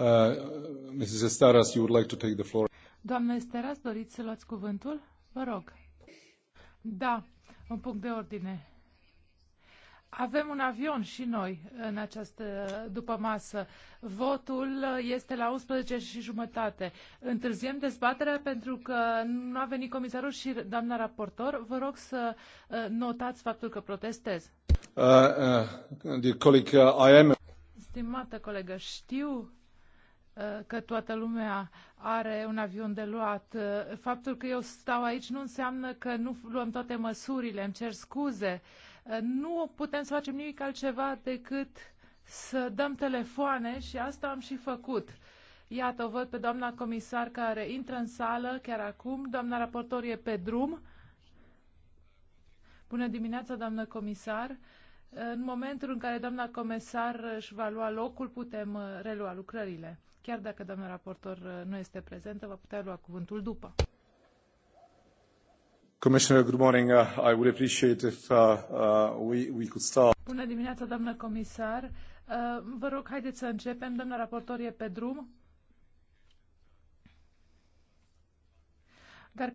Uh, Mrs. Estaras, you would like to take the floor. Doamne Estaras, doriți să luați cuvântul? Vă rog. Da, un punct de ordine. Avem un avion și noi în această după masă. Votul este la 11 și jumătate. Întârziem dezbaterea pentru că nu a venit comisarul și doamna raportor. Vă rog să uh, notați faptul că protestez. Uh, uh, colleague, uh, I am... Stimată colegă, știu Uh, că toată lumea are un avion de luat. Uh, faptul că eu stau aici nu înseamnă că nu luăm toate măsurile, îmi cer scuze. Uh, nu putem să facem nimic altceva decât să dăm telefoane și asta am și făcut. Iată, o văd pe doamna comisar care intră în sală chiar acum. Doamna raportor e pe drum. Bună dimineața, doamnă comisar. În momentul în care doamna comisar își va lua locul, putem uh, relua lucrările. Chiar dacă doamna raportor uh, nu este prezentă, va putea lua cuvântul după. Commissioner, good morning. Uh, I would appreciate if uh, uh, we, we could start. Bună dimineața, doamnă comisar. Uh, vă rog, haideți să începem. Doamna raportor e pe drum.